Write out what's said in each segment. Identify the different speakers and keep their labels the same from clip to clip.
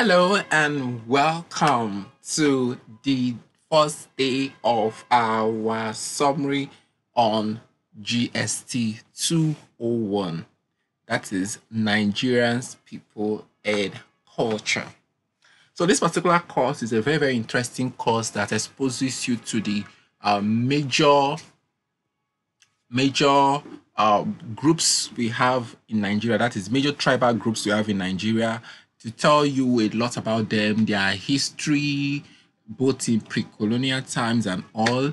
Speaker 1: Hello and welcome to the first day of our summary on GST 201. That is Nigerians, people and culture. So this particular course is a very, very interesting course that exposes you to the uh, major, major uh, groups we have in Nigeria. That is major tribal groups we have in Nigeria to tell you a lot about them, their history, both in pre colonial times and all.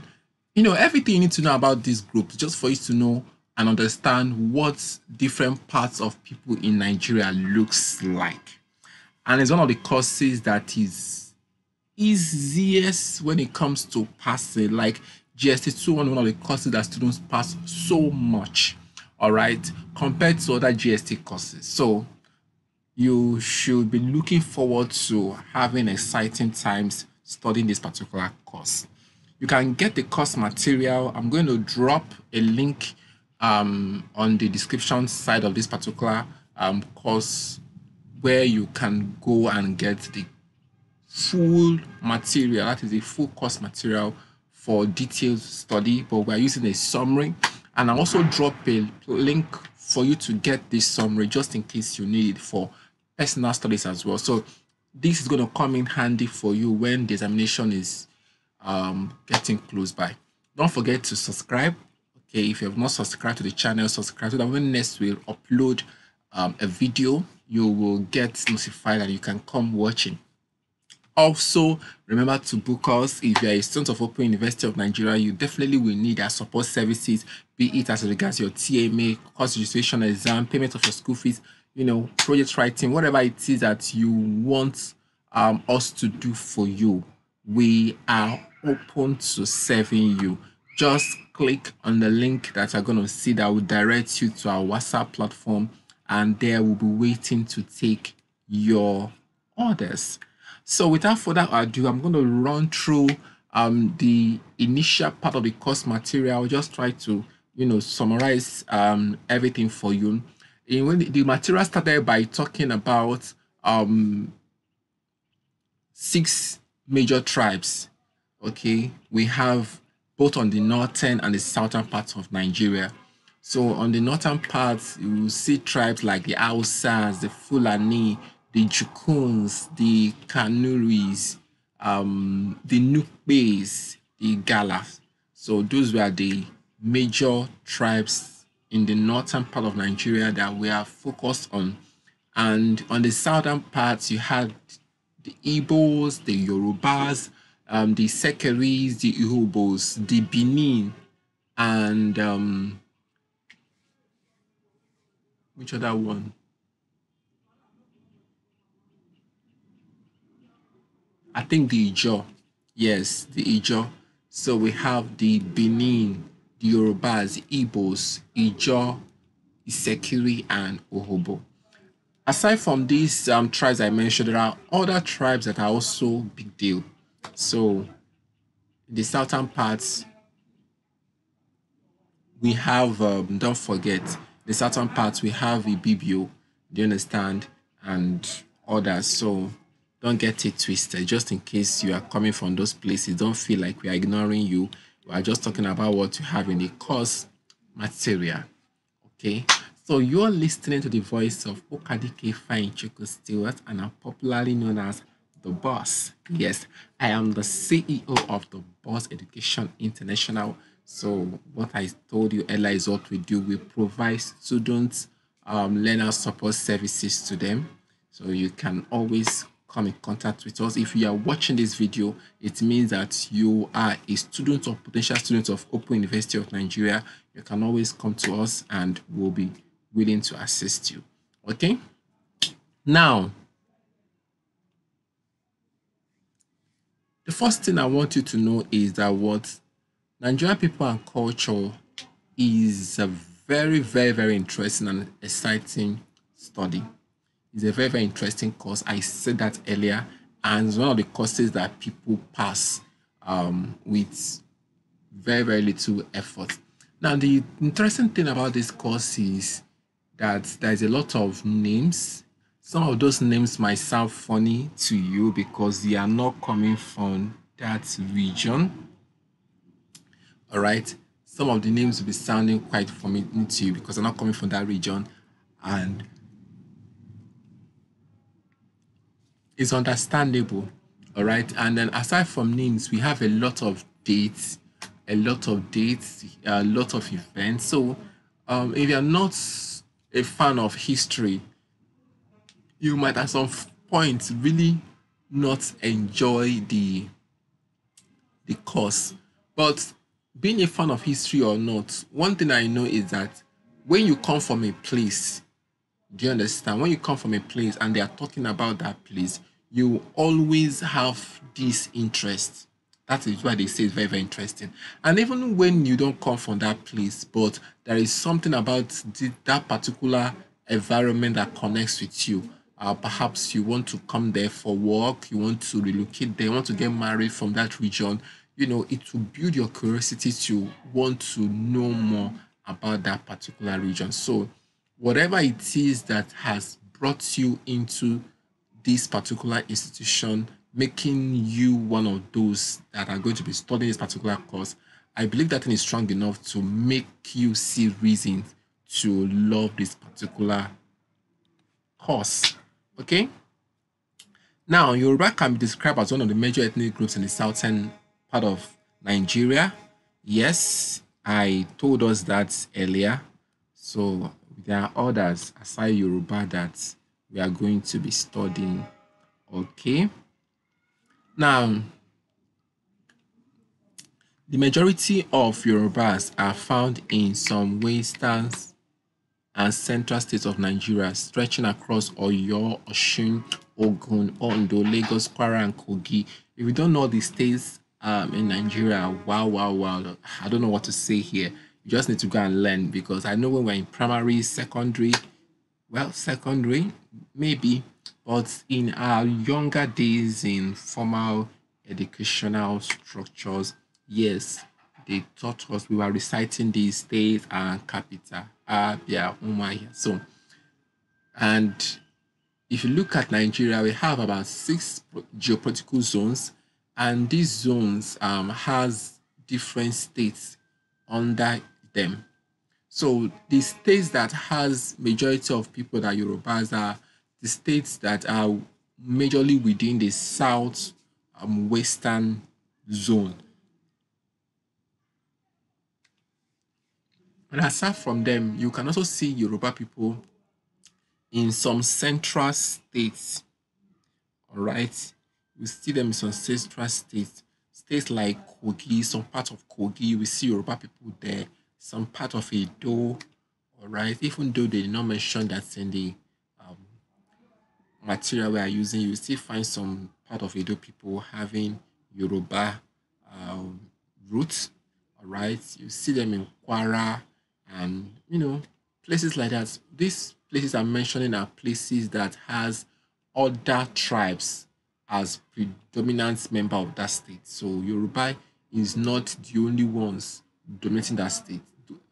Speaker 1: You know, everything you need to know about these groups, just for you to know and understand what different parts of people in Nigeria looks like. And it's one of the courses that is easiest when it comes to passing. Like GST 2 one of the courses that students pass so much, all right, compared to other GST courses. So you should be looking forward to having exciting times studying this particular course. You can get the course material. I'm going to drop a link um, on the description side of this particular um, course where you can go and get the full material, that is the full course material for detailed study, but we're using a summary. And I also drop a link for you to get this summary just in case you need it for personal studies as well. So this is going to come in handy for you when the examination is um, getting close by. Don't forget to subscribe. Okay, if you have not subscribed to the channel, subscribe so that when next we'll upload um, a video, you will get notified and you can come watching. Also, remember to book us. If you are a student of Open University of Nigeria, you definitely will need our support services, be it as regards your TMA, course registration exam, payment of your school fees, you know, project writing, whatever it is that you want um, us to do for you, we are open to serving you. Just click on the link that you're going to see that will direct you to our WhatsApp platform, and there we'll be waiting to take your orders. So, without further ado, I'm going to run through um, the initial part of the course material. I'll just try to, you know, summarize um, everything for you in eh, when the material started by talking about um, six major tribes. Okay, we have both on the northern and the southern parts of Nigeria. So on the northern parts, you will see tribes like the Hausas, the Fulani, the Jukuns, the Kanuris, um, the Nukbes, the Galas. So those were the major tribes in the northern part of Nigeria that we are focused on. And on the southern parts, you had the Igbos, the Yorubas, um, the Sekeris, the Ihubos, the Benin, and um, which other one? I think the Ijo. Yes, the Ijo. So we have the Benin, Yorubas, Igbos, Ijaw, Isekiri, and Ohobo. Aside from these um, tribes I mentioned, there are other tribes that are also big deal. So, the southern parts, we have, um, don't forget, the southern parts, we have Ibibio, do you understand, and others. So, don't get it twisted. Just in case you are coming from those places, don't feel like we are ignoring you we are just talking about what you have in the course material okay so you're listening to the voice of Okadike Fine Stewart and I'm popularly known as The Boss. Yes, I am the CEO of The Boss Education International. So what I told you earlier is what we do. We provide students um, learner support services to them. So you can always come in contact with us. If you are watching this video, it means that you are a student or potential student of Open University of Nigeria. You can always come to us and we'll be willing to assist you. Okay? Now, the first thing I want you to know is that what Nigerian people and culture is a very, very, very interesting and exciting study is a very, very interesting course. I said that earlier, and it's one of the courses that people pass um, with very, very little effort. Now, the interesting thing about this course is that there's a lot of names. Some of those names might sound funny to you because they are not coming from that region. All right. Some of the names will be sounding quite familiar to you because they're not coming from that region. And is understandable. All right. And then aside from names, we have a lot of dates, a lot of dates, a lot of events. So um, if you're not a fan of history, you might at some point really not enjoy the the course. But being a fan of history or not, one thing I know is that when you come from a place do you understand? When you come from a place and they are talking about that place, you always have this interest. That is why they say it's very, very interesting. And even when you don't come from that place, but there is something about the, that particular environment that connects with you. Uh, perhaps you want to come there for work, you want to relocate there, you want to get married from that region. You know, it will build your curiosity to want to know more about that particular region. So, whatever it is that has brought you into this particular institution, making you one of those that are going to be studying this particular course, I believe that thing is strong enough to make you see reasons to love this particular course. Okay? Now, Yoruba can be described as one of the major ethnic groups in the southern part of Nigeria. Yes, I told us that earlier. So there are others aside Yoruba that we are going to be studying. Okay. Now, the majority of Yorubas are found in some western and central states of Nigeria, stretching across Oyo, Oshun, Ogun, Ondo, Lagos, Kwara, and Kogi. If you don't know the states um, in Nigeria, wow, wow, wow, I don't know what to say here. You just need to go and learn because I know when we're in primary, secondary, well, secondary, maybe, but in our younger days in formal educational structures, yes, they taught us, we were reciting these states and capital, Abia, Umaya, so. And if you look at Nigeria, we have about six geopolitical zones, and these zones um, has different states under them. So the states that has majority of people that Yorubas are the states that are majorly within the south um, western zone. And aside from them, you can also see Yoruba people in some central states. All right, we see them in some central states, states like Kogi, some part of Kogi. We see Yoruba people there some part of it though, all right, even though they did not mention that in the um, material we are using, you still find some part of Edo people having Yoruba um, roots, all right? You see them in Kwara and, you know, places like that. These places I'm mentioning are places that has other tribes as predominant member of that state. So Yoruba is not the only ones dominating that state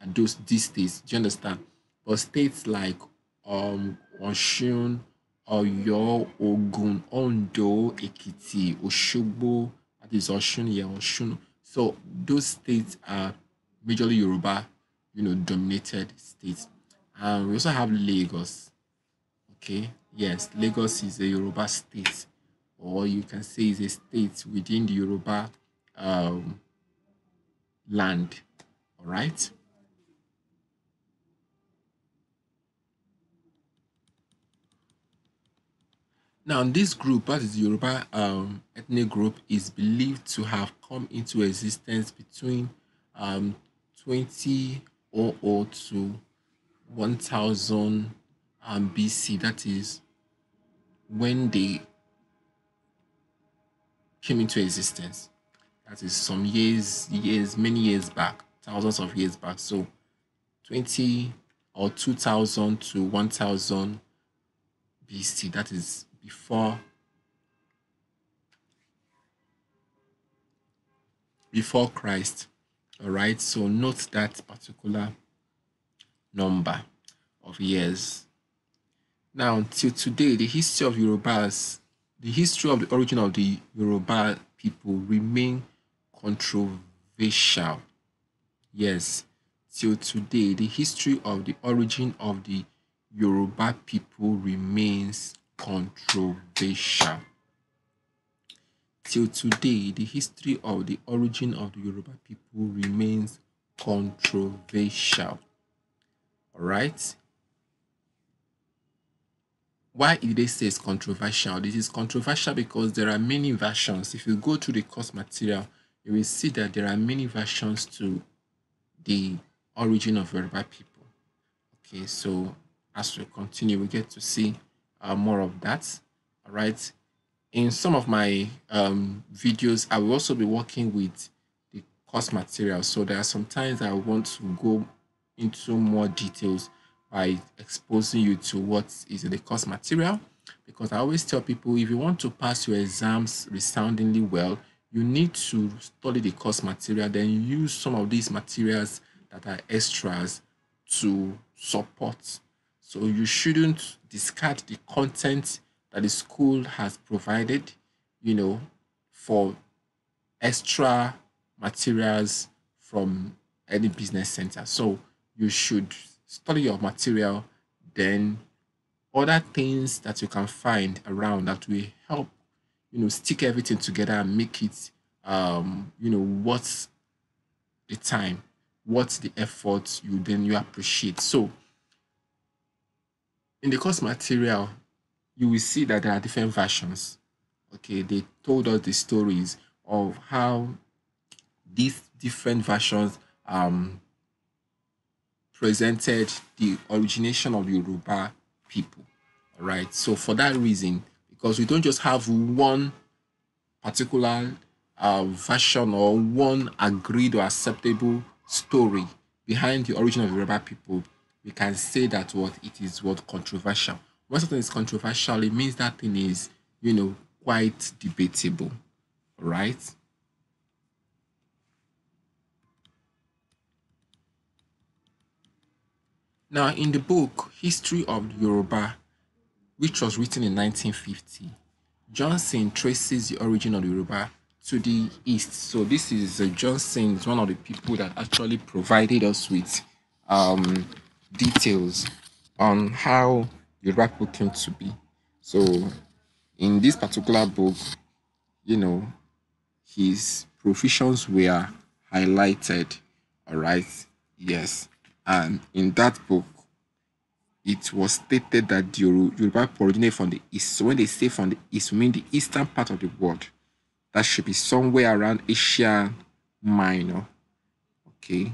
Speaker 1: those these states. Do you understand? But states like um Oshun, Oyo, Ogun, Ondo, Ekiti, Oshogbo, that is Oshun, yeah, Oshun. So those states are majorly Yoruba, you know, dominated states. And we also have Lagos. Okay, yes, Lagos is a Yoruba state, or you can say is a state within the Yoruba um, land. All right. Now, this group, that is the Yoruba um, ethnic group, is believed to have come into existence between um, 2000 to 1000 um, BC. That is when they came into existence. That is some years, years, many years back, thousands of years back. So, 20 or 2000 to 1000 BC. That is before before Christ. All right, so note that particular number of years. Now, until today, the history of Yorubas, the history of the origin of the Yoruba people remain controversial. Yes, till today, the history of the origin of the Yoruba people remains controversial. Till today, the history of the origin of the Yoruba people remains controversial. Alright? Why did they say it's controversial? This is controversial because there are many versions. If you go to the course material, you will see that there are many versions to the origin of Yoruba people. Okay, so as we continue, we get to see uh, more of that. All right. In some of my um, videos, I will also be working with the course material. So there are sometimes I want to go into more details by exposing you to what is in the course material. Because I always tell people, if you want to pass your exams resoundingly well, you need to study the course material, then use some of these materials that are extras to support so you shouldn't discard the content that the school has provided, you know, for extra materials from any business center. So you should study your material, then other things that you can find around that will help, you know, stick everything together and make it, um, you know, what's the time, what's the effort you then you appreciate. So in the course material, you will see that there are different versions. Okay, they told us the stories of how these different versions um, presented the origination of Yoruba people. All right, so for that reason, because we don't just have one particular uh, version or one agreed or acceptable story behind the origin of Yoruba people, we can say that what it is what controversial. When something is controversial, it means that thing is, you know, quite debatable, right? Now, in the book History of Yoruba, which was written in 1950, Johnson traces the origin of Yoruba to the east. So this is uh, Johnson, one of the people that actually provided us with um, details on how the rap book came to be. So, in this particular book, you know, his professions were highlighted. All right, yes, and in that book, it was stated that the Yoruba originated from the east. So when they say from the east, we mean the eastern part of the world. That should be somewhere around Asia Minor. Okay.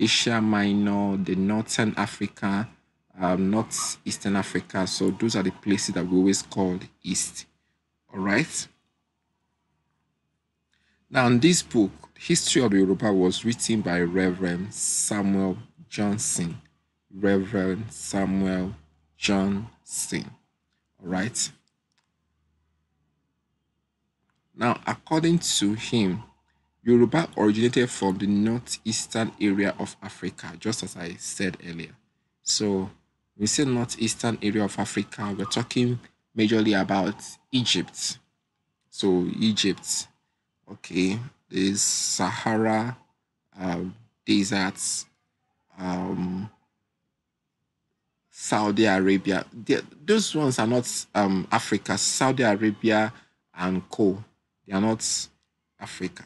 Speaker 1: Asia Minor, the Northern Africa, um, North Eastern Africa. So those are the places that we always call East. All right. Now, in this book, History of Europa was written by Reverend Samuel Johnson. Reverend Samuel Johnson. All right. Now, according to him, Yoruba originated from the northeastern area of Africa, just as I said earlier. So we say northeastern area of Africa, we're talking majorly about Egypt. So Egypt, okay, the Sahara um, deserts, um, Saudi Arabia. They're, those ones are not um, Africa. Saudi Arabia and Co. They are not Africa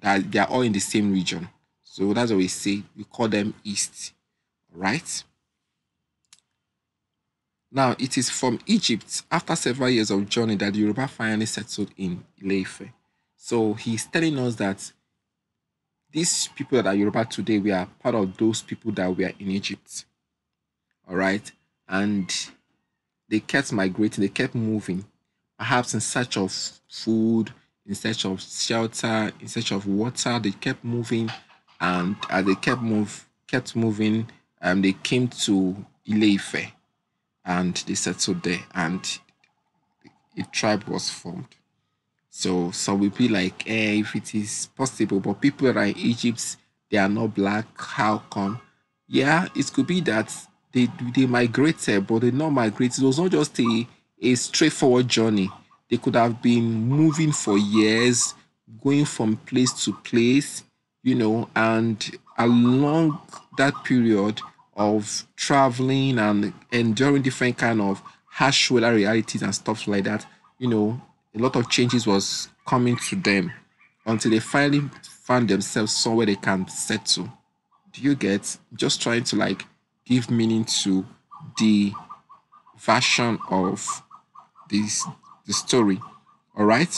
Speaker 1: that they are all in the same region. So that's what we say. We call them East. All right. Now, it is from Egypt, after several years of journey, that the Yoruba finally settled in Ileife. So he's telling us that these people that are Yoruba today, we are part of those people that were in Egypt. All right. And they kept migrating, they kept moving, perhaps in search of food, in search of shelter, in search of water. They kept moving, and as they kept move, kept moving, um, they came to Ileife, and they settled there, and a tribe was formed. So some will be like, eh, if it is possible, but people are in Egypt, they are not black. How come? Yeah, it could be that they they migrated, but they not migrated. It was not just a, a straightforward journey they could have been moving for years, going from place to place, you know, and along that period of traveling and enduring different kind of harsh weather realities and stuff like that, you know, a lot of changes was coming to them until they finally found themselves somewhere they can settle. Do you get just trying to like give meaning to the version of this the story. All right.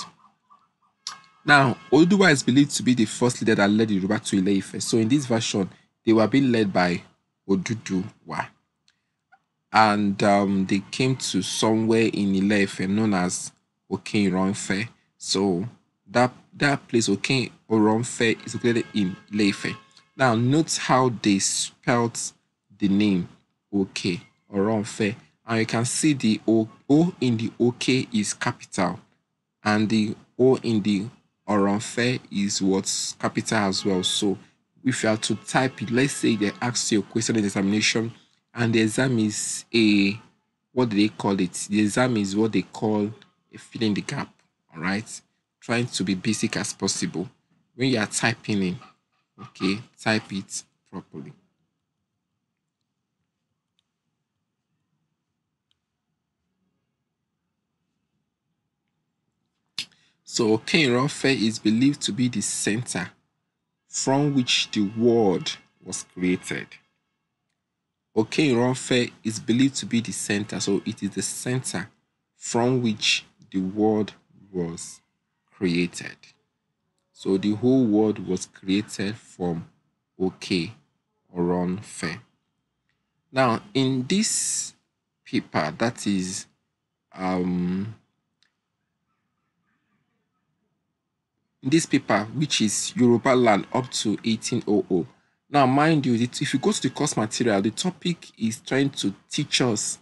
Speaker 1: Now, Oduwa is believed to be the first leader that led the Yoruba to ile So in this version, they were being led by Oduduwa. And um, they came to somewhere in ile known as Okinronfe. So that that place Okinronfe is located in ile Now, note how they spelled the name Oke and you can see the o, o in the OK is capital. And the O in the Oronfe is what's capital as well. So if you are to type it, let's say they ask you a question in examination and the exam is a, what do they call it? The exam is what they call a filling the gap, all right? Trying to be basic as possible. When you are typing in, okay, type it properly. So Kenronfe is believed to be the center from which the world was created. Okeinronfe is believed to be the center, so it is the center from which the world was created. So the whole world was created from Oke Now, in this paper, that is um, this paper, which is Yoruba land up to 1800. Now, mind you, if you go to the course material, the topic is trying to teach us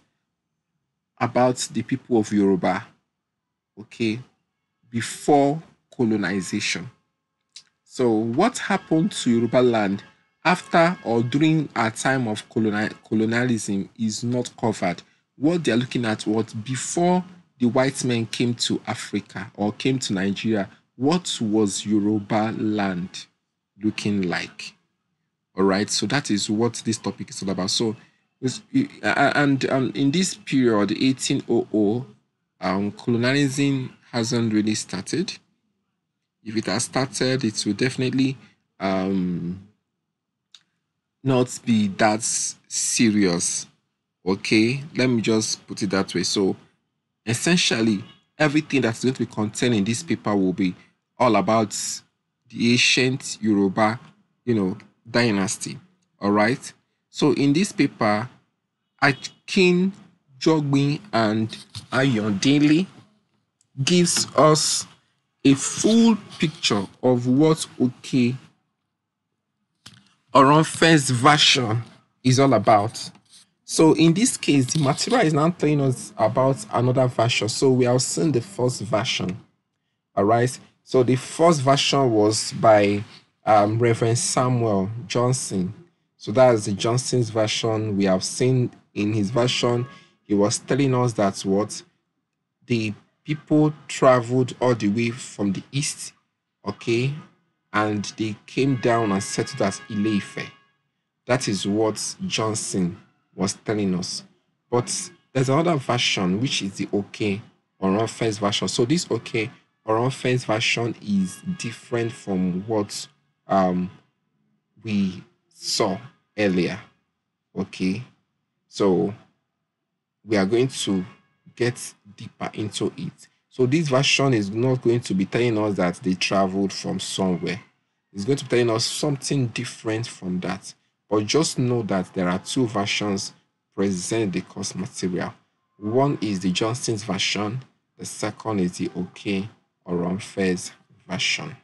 Speaker 1: about the people of Yoruba, okay, before colonization. So, what happened to Yoruba land after or during our time of coloni- colonialism is not covered. What they are looking at was before the white men came to Africa or came to Nigeria what was Yoruba land looking like? All right, so that is what this topic is all about. So, and um, in this period, 1800, um, colonialism hasn't really started. If it has started, it will definitely um, not be that serious. Okay, let me just put it that way. So, essentially, everything that's going to be contained in this paper will be all about the ancient Yoruba, you know, dynasty. All right. So in this paper, Akin Jogbin and Daily gives us a full picture of what Oke Oronfen's version is all about. So in this case, the material is now telling us about another version. So we have seen the first version. All right. So the first version was by um, Reverend Samuel Johnson. So that is the Johnson's version. We have seen in his version, he was telling us that what the people traveled all the way from the east, okay, and they came down and settled at Ileife. That is what Johnson was telling us. But there's another version which is the okay or not first version. So this okay Oron Fence version is different from what um, we saw earlier. Okay, so we are going to get deeper into it. So this version is not going to be telling us that they traveled from somewhere. It's going to be telling us something different from that. But just know that there are two versions present the course material. One is the Johnson's version, the second is the OK or unfair's version.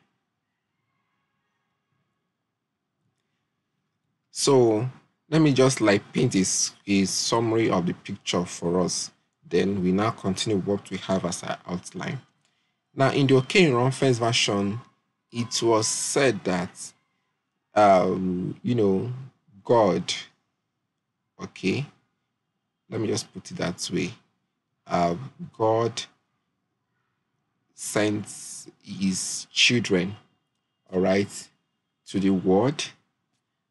Speaker 1: So let me just like paint this a summary of the picture for us. Then we now continue what we have as our outline. Now in the OK Runfair's version, it was said that um, you know God, okay, let me just put it that way. Uh, God sent his children, all right, to the world,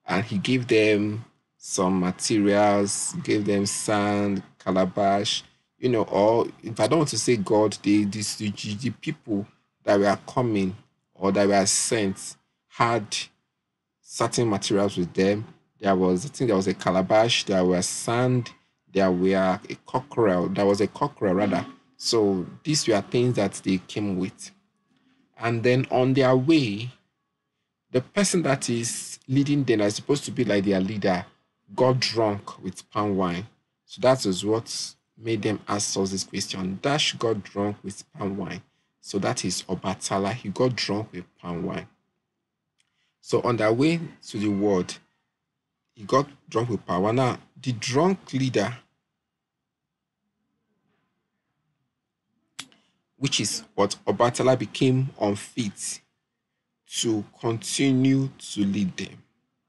Speaker 1: and he gave them some materials, gave them sand, calabash, you know, or if I don't want to say God, the, the, the, the people that were coming or that were sent had certain materials with them. There was, I think there was a calabash, there was sand, there were a cockerel, there was a cockerel rather, so these were things that they came with. And then on their way, the person that is leading them is supposed to be like their leader, got drunk with palm wine. So that is what made them ask us this question. Dash got drunk with palm wine. So that is Obatala. He got drunk with palm wine. So on their way to the world, he got drunk with palm wine. Now, the drunk leader which is what Obatala became unfit to continue to lead them.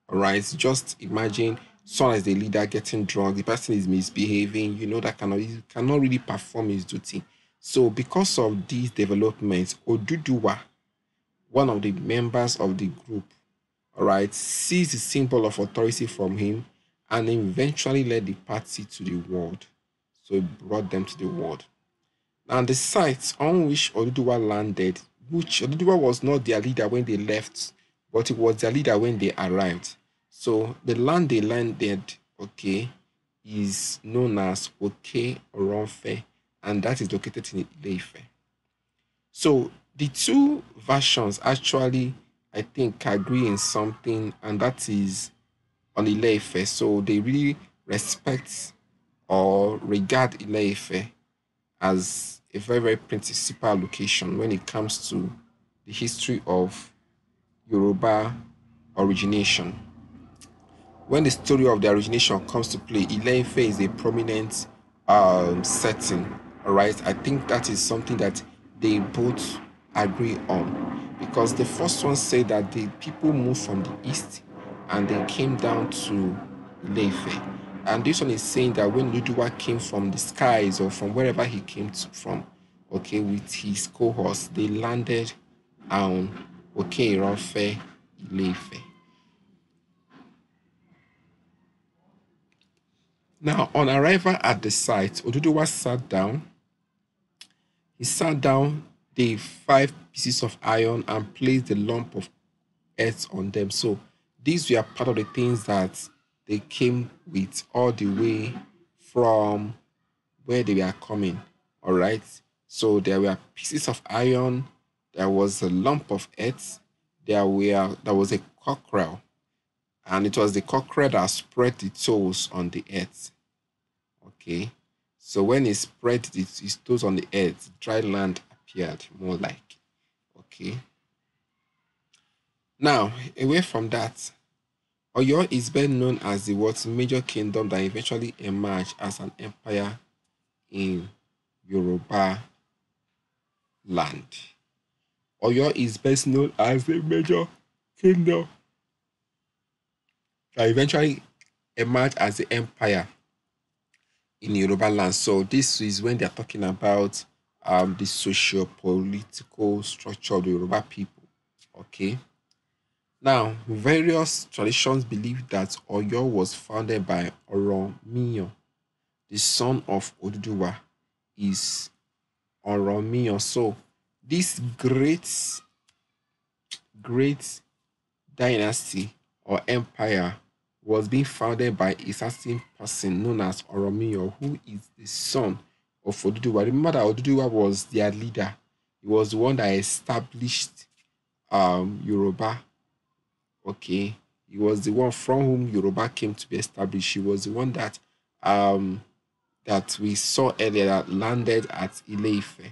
Speaker 1: All right, just imagine someone as the leader getting drunk, the person is misbehaving, you know, that cannot, cannot really perform his duty. So, because of these developments, Oduduwa, one of the members of the group, all right, seized the symbol of authority from him and eventually led the party to the world. So, he brought them to the world and the sites on which Oduduwa landed, which Oduduwa was not their leader when they left, but it was their leader when they arrived. So the land they landed, okay, is known as Oke Oronfe, and that is located in Ileife. So the two versions actually, I think, agree in something, and that is on Ileife. So they really respect or regard Ileife as a very, very principal location when it comes to the history of Yoruba origination. When the story of the origination comes to play, Ileife is a prominent um, setting. All right, I think that is something that they both agree on because the first one said that the people moved from the east and they came down to Ileife. And this one is saying that when Ludua came from the skies or from wherever he came to, from, okay, with his cohorts, they landed on, okay, Rafe Fe, Now, on arrival at the site, Oduduwa sat down. He sat down the five pieces of iron and placed the lump of earth on them. So these were part of the things that they came with all the way from where they were coming. All right. So there were pieces of iron, there was a lump of earth, there were there was a cockerel, and it was the cockerel that spread the toes on the earth. Okay. So when he spread his, toes on the earth, dry land appeared more like. Okay. Now, away from that, Oyo is best known as the world's major kingdom that eventually emerged as an empire in Yoruba land. Oyo is best known as the major kingdom that eventually emerged as the empire in Yoruba land. So this is when they're talking about um, the socio-political structure of the Yoruba people. Okay. Now, various traditions believe that Oyo was founded by Oromiyan, the son of Oduduwa, is Oromiyan. So, this great, great dynasty or empire was being founded by a certain person known as Oromiyan, who is the son of Oduduwa. Remember that Oduduwa was their leader. He was the one that established um, Yoruba Okay. He was the one from whom Yoruba came to be established. He was the one that um, that we saw earlier that landed at Ileife.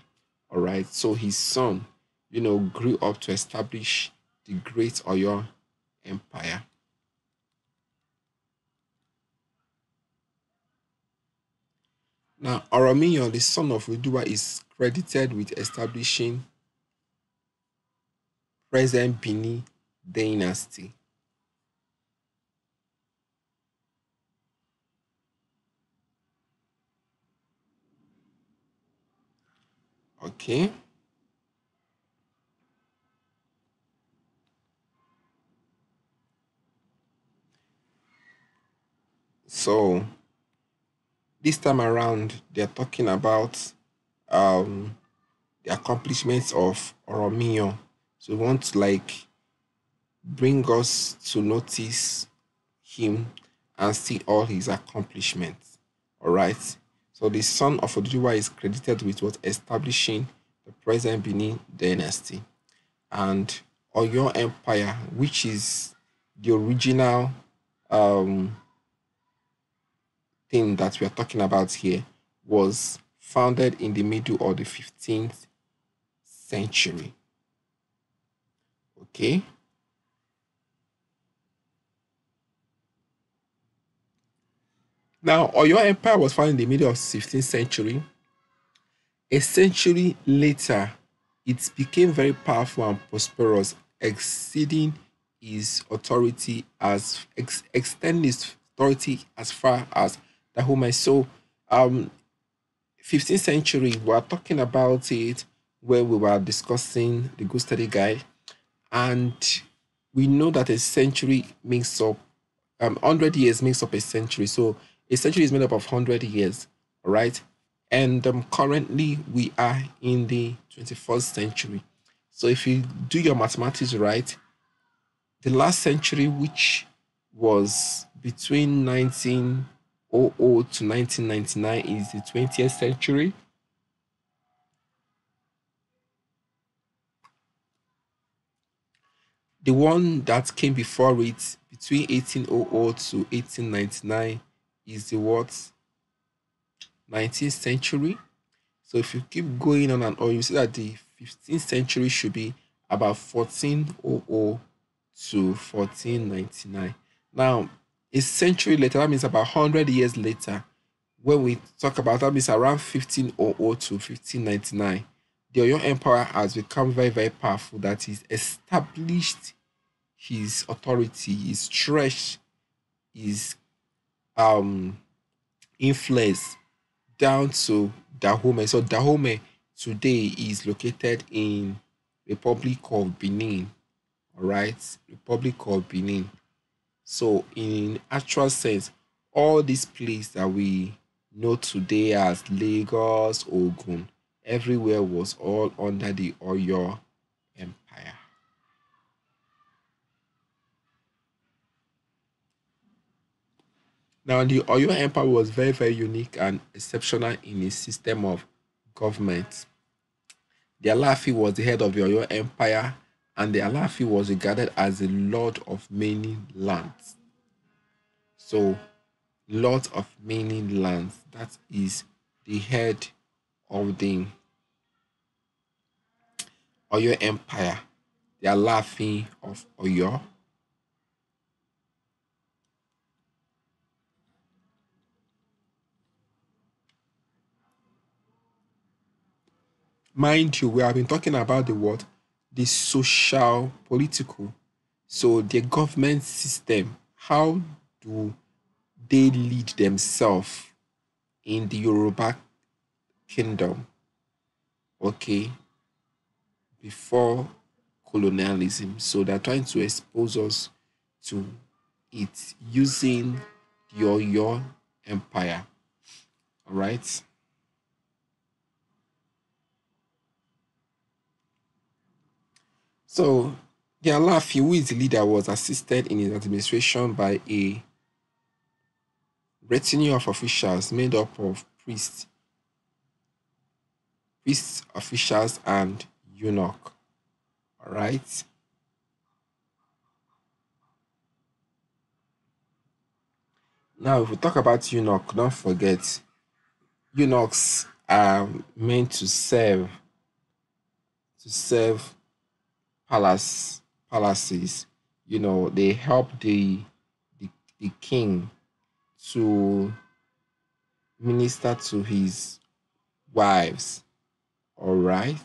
Speaker 1: All right. So his son, you know, grew up to establish the great Oyo Empire. Now, Oromiyan, the son of Udua, is credited with establishing present Benin dynasty okay so this time around they're talking about um, the accomplishments of Romeo. So we want to like bring us to notice him and see all his accomplishments. All right. So the son of Odiriwa is credited with what establishing the present Benin dynasty and Oyo Empire, which is the original um, thing that we are talking about here, was founded in the middle of the 15th century. Okay. Now, Oyo Empire was founded in the middle of 16th century. A century later, it became very powerful and prosperous, exceeding its authority as ex, extending authority as far as Dahomey. So, um, 15th century, we are talking about it where we were discussing the good study and we know that a century makes up um, 100 years makes up a century. So a century is made up of 100 years, all right? And um, currently we are in the 21st century. So if you do your mathematics right, the last century, which was between 1900 to 1999, is the 20th century. The one that came before it, between 1800 to 1899, is the what 19th century. So if you keep going on and on, you see that the 15th century should be about 1400 to 1499. Now, a century later, that means about 100 years later, when we talk about that means around 1500 to 1599, the Oyo Empire has become very, very powerful. That is established his authority, his stretch, his um, influence down to Dahomey. So Dahomey today is located in Republic of Benin. All right, Republic of Benin. So in actual sense, all these places that we know today as Lagos, Ogun, everywhere was all under the Oyo Now, the Oyo Empire was very, very unique and exceptional in its system of government. The Alafi was the head of the Oyo Empire, and the Alafi was regarded as the lord of many lands. So, lord of many lands, that is the head of the Oyo Empire, the Alafi of Oyo Mind you, we have been talking about the what? The social, political. So the government system, how do they lead themselves in the Yoruba kingdom? Okay. Before colonialism. So they're trying to expose us to it using your your empire. All right. So the who is the leader, was assisted in his administration by a retinue of officials made up of priests, priests, officials, and eunuch. All right. Now, if we talk about eunuch, don't forget eunuchs are meant to serve to serve palace palaces you know they help the the, the king to minister to his wives all right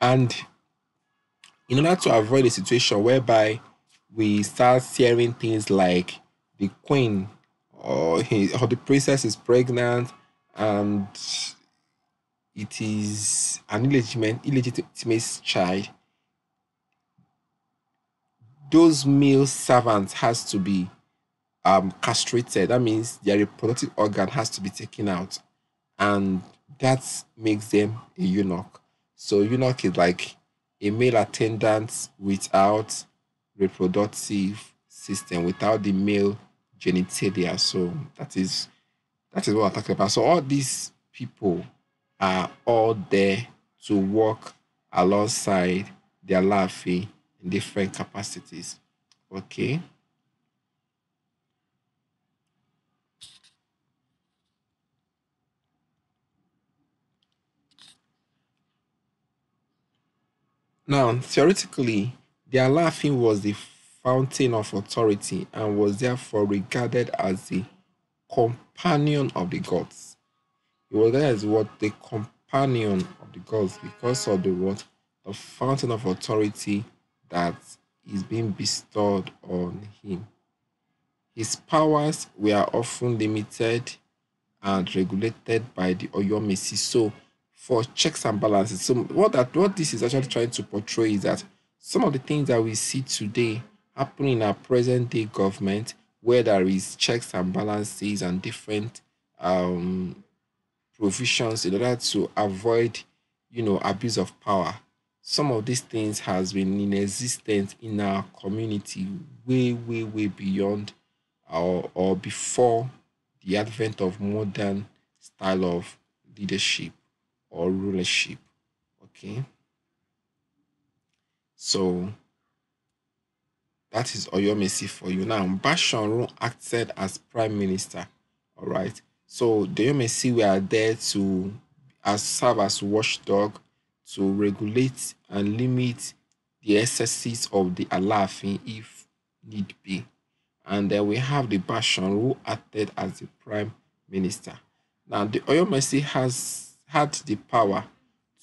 Speaker 1: and in order to avoid a situation whereby we start hearing things like the queen or, he, or the princess is pregnant and it is an illegitimate, illegitimate child, those male servants has to be um, castrated. That means their reproductive organ has to be taken out, and that makes them a eunuch. So eunuch is like a male attendant without reproductive system, without the male genitalia. So that is that is what I'm talking about. So all these people are all there to work alongside their laughing in different capacities. Okay. Now, theoretically, their laughing was the fountain of authority and was therefore regarded as the companion of the gods. He was there as what the companion of the gods because of the what the fountain of authority that is being bestowed on him. His powers were often limited and regulated by the Oyomesi. So for checks and balances. So what that what this is actually trying to portray is that some of the things that we see today happening in our present day government, where there is checks and balances and different um, provisions in order to avoid, you know, abuse of power. Some of these things has been in existence in our community way, way, way beyond or, or before the advent of modern style of leadership. or rulership. Okay. So that is Oyomesi for you. Now, Bashanru acted as prime minister. All right. So the Oyomesi were there to as serve as watchdog to regulate and limit the excesses of the Alafin, if need be. And then we have the Bashanru acted as the prime minister. Now, the Oyomesi has had the power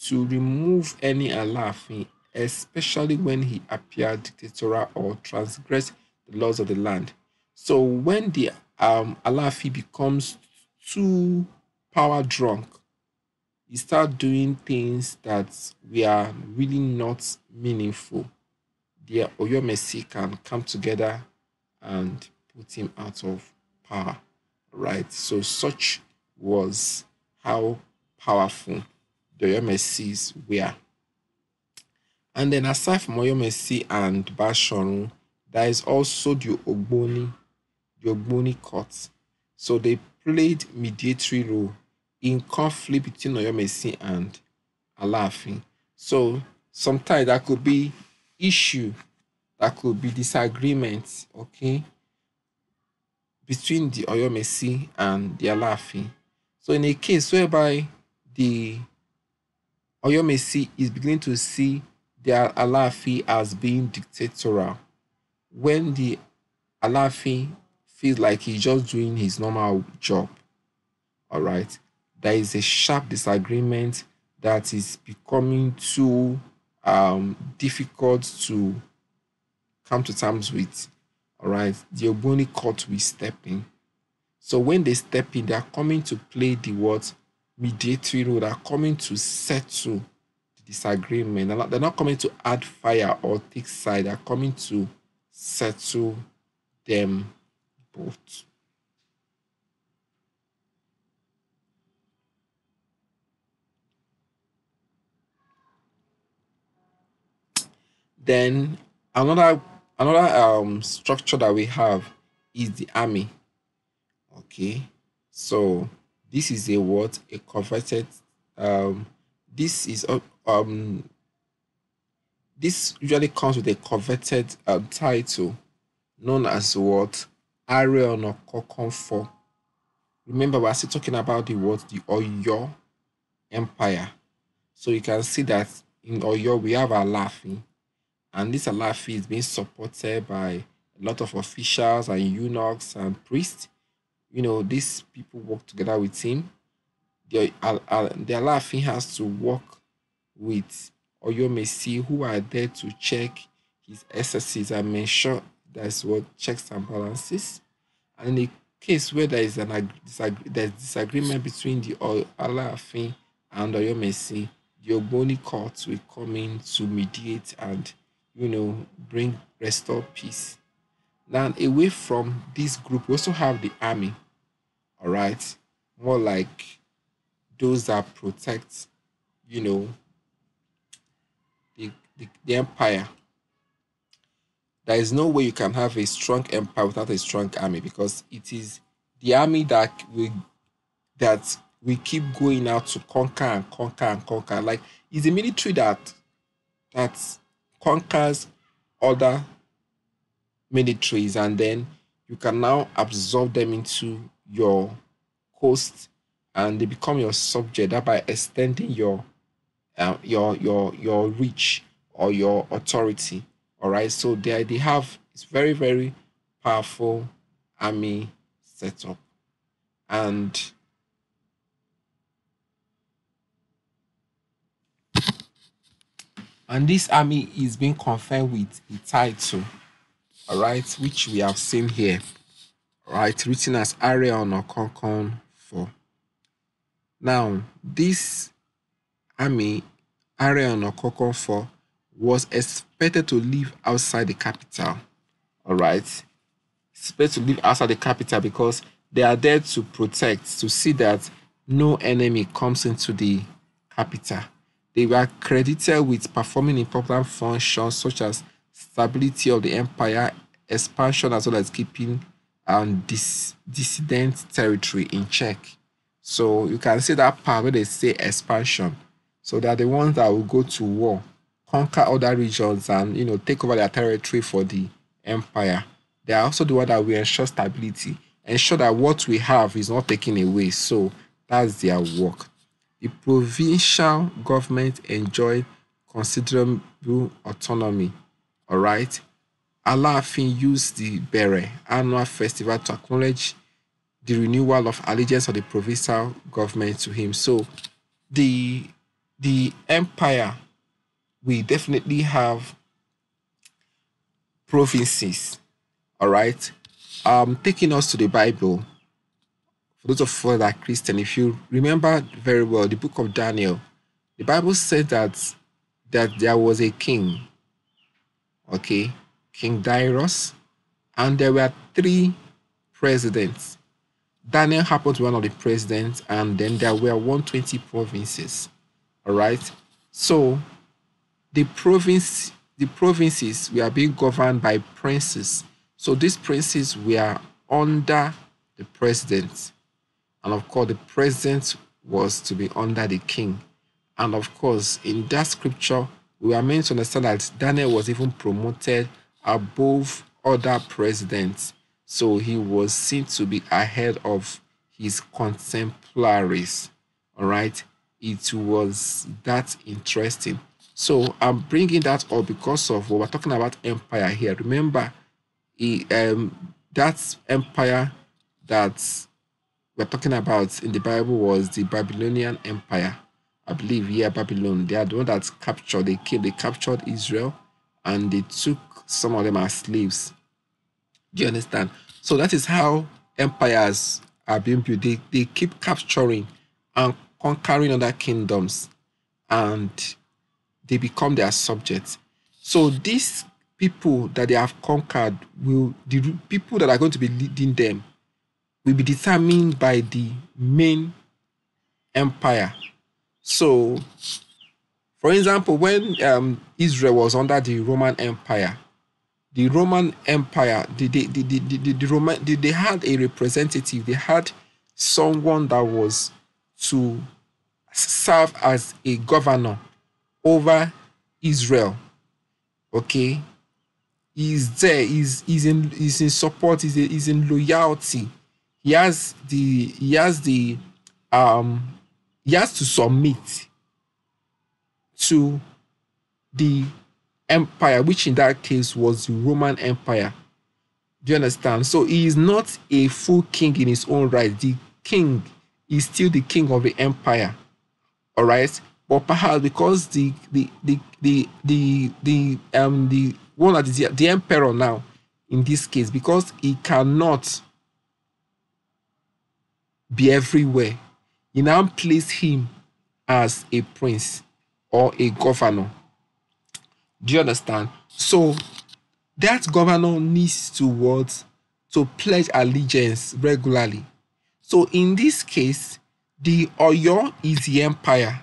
Speaker 1: to remove any alafi, especially when he appeared dictatorial or transgressed the laws of the land. So when the um, Alaafin becomes too power drunk, he starts doing things that we are really not meaningful. The Oyomesi can come together and put him out of power, right? So such was how powerful that your were. And then aside from Oyomesi and Bashorun, there is also the Ogboni, the Ogboni court. So they played mediatory role in conflict between Oyomesi and Alafin. So sometimes that could be issue, that could be disagreement, okay, between the Oyomesi and the Alafin. So in a case whereby the Oyomesi is beginning to see the Alafi as being dictatorial. When the Alafi feels like he's just doing his normal job, all right, there is a sharp disagreement that is becoming too um, difficult to come to terms with. All right, the Ogboni court will step in. So when they step in, they are coming to play the what mediatory role are coming to settle the disagreement. They're not coming to add fire or take side, they're coming to settle them both. Then another another um, structure that we have is the army. Okay, so this is a what? A converted. Um, this is uh, um. This usually comes with a converted um, title, known as what? Arion or Kokonfo. Remember, we're still talking about the word The Oyo Empire. So you can see that in Oyo we have Alafi, and this Alafi is being supported by a lot of officials and eunuchs and priests you know, these people work together with him. Their, their laughing has to work with or you may see who are there to check his exercises and make sure that's what checks and balances. And in the case where there is an ag- there's disagreement between the Alaafin and Oyomesi, the Ogboni court will come in to mediate and, you know, bring restore peace then away from this group, we also have the army. All right, more like those that protect, you know, the, the, the empire. There is no way you can have a strong empire without a strong army because it is the army that we that we keep going out to conquer and conquer and conquer. Like it's a military that that conquers other militaries, and then you can now absorb them into your host, and they become your subject. by extending your uh, your your your reach or your authority. All right, so they they have it's very very powerful army setup, and and this army is being confirmed with a title all right, which we have seen here, right, written as Arion or Concon 4. Now, this army, Arion or Concon 4, was expected to live outside the capital, all right, expected to live outside the capital because they are there to protect, to see that no enemy comes into the capital. They were credited with performing important functions such as stability of the empire expansion as well as keeping um, dissident territory in check. So you can see that part where they say expansion. So they are the ones that will go to war, conquer other regions, and you know take over their territory for the empire. They are also the one that will ensure stability, ensure that what we have is not taken away. So that's their work. The provincial government enjoyed considerable autonomy. All right, Alaafin used the Bere annual festival to acknowledge the renewal of allegiance of the provincial government to him. So the the empire we definitely have provinces. All right. Um, taking us to the Bible. For those of us that are Christian, if you remember very well the book of Daniel, the Bible said that that there was a king. Okay King Darius, and there were three presidents. Daniel happened to one of the presidents, and then there were 120 provinces. All right. So the province, the provinces were being governed by princes. So these princes were under the president. And of course, the president was to be under the king. And of course, in that scripture, we are meant to understand that Daniel was even promoted above other presidents, so he was seen to be ahead of his contemporaries. All right, it was that interesting. So I'm bringing that up because of what we're talking about empire here. Remember, he, um, that empire that we're talking about in the Bible was the Babylonian Empire. I believe, yeah, Babylon. They are the one that captured, they came, they captured Israel and they took some of them are slaves. Do you understand? So that is how empires are being built. They, they keep capturing and conquering other kingdoms and they become their subjects. So these people that they have conquered will, the people that are going to be leading them will be determined by the main empire. So, for example, when um, Israel was under the Roman Empire, the Roman Empire, the the the the they, the Roman, they, they had a representative, they had someone that was to serve as a governor over Israel. Okay, he's there, he's, he's, in, he's in support, he's, in, he's in loyalty. He has the, he has the, um, he has to submit to the empire, which in that case was the Roman Empire. Do you understand? So he is not a full king in his own right. The king is still the king of the empire. All right. But perhaps because the the the the the, the um the one that is the, the emperor now in this case, because he cannot be everywhere, he now place him as a prince or a governor. Do you understand? So that governor needs to what? To pledge allegiance regularly. So in this case, the Oyo is the empire.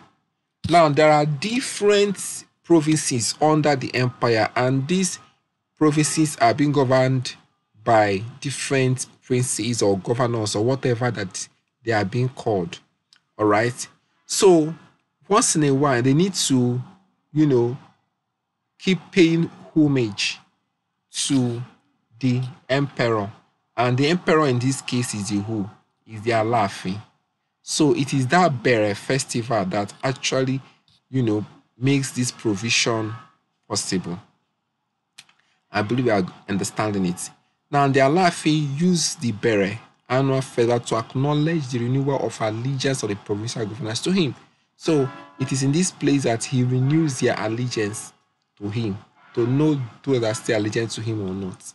Speaker 1: Now there are different provinces under the empire, and these provinces are being governed by different princes or governors or whatever that they are being called. All right. So once in a while, they need to, you know, keep paying homage to the emperor. And the emperor in this case is the who? Is the Alafi. So it is that Bere festival that actually, you know, makes this provision possible. I believe we are understanding it. Now, the Alafi use the Bere annual feather to acknowledge the renewal of allegiance of the provincial governors to him. So it is in this place that he renews their allegiance to him to know those that are allegiant to him or not.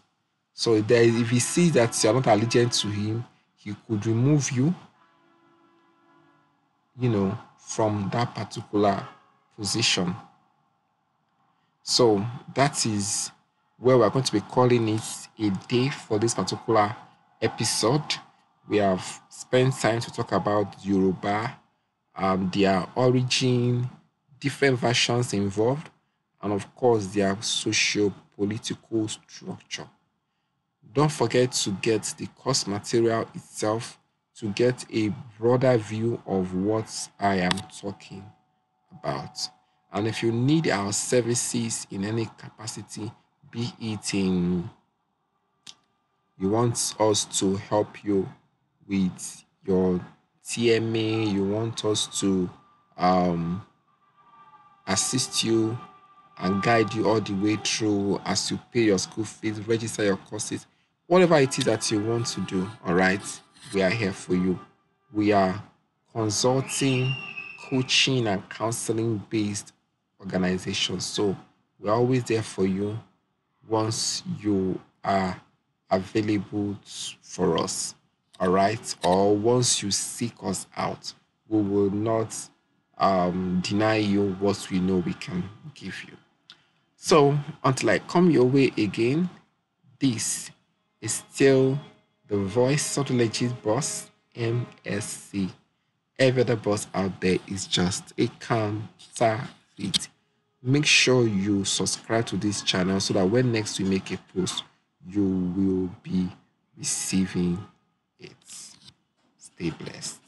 Speaker 1: So there, if he sees that you are not allegiant to him, he could remove you, you know, from that particular position. So that is where we're going to be calling it a day for this particular episode. We have spent time to talk about Yoruba, um, their origin, different versions involved and of course their socio-political structure. Don't forget to get the course material itself to get a broader view of what I am talking about. And if you need our services in any capacity, be it in you want us to help you with your TMA, you want us to um, assist you and guide you all the way through as you pay your school fees, register your courses, whatever it is that you want to do. All right, we are here for you. We are consulting, coaching, and counseling based organizations. So we're always there for you once you are available for us. All right, or once you seek us out, we will not um, deny you what we know we can give you. So until I come your way again, this is still the Voice of the Subtleties boss, MSC. Every other boss out there is just a counterfeit. Make sure you subscribe to this channel so that when next we make a post, you will be receiving it. Stay blessed.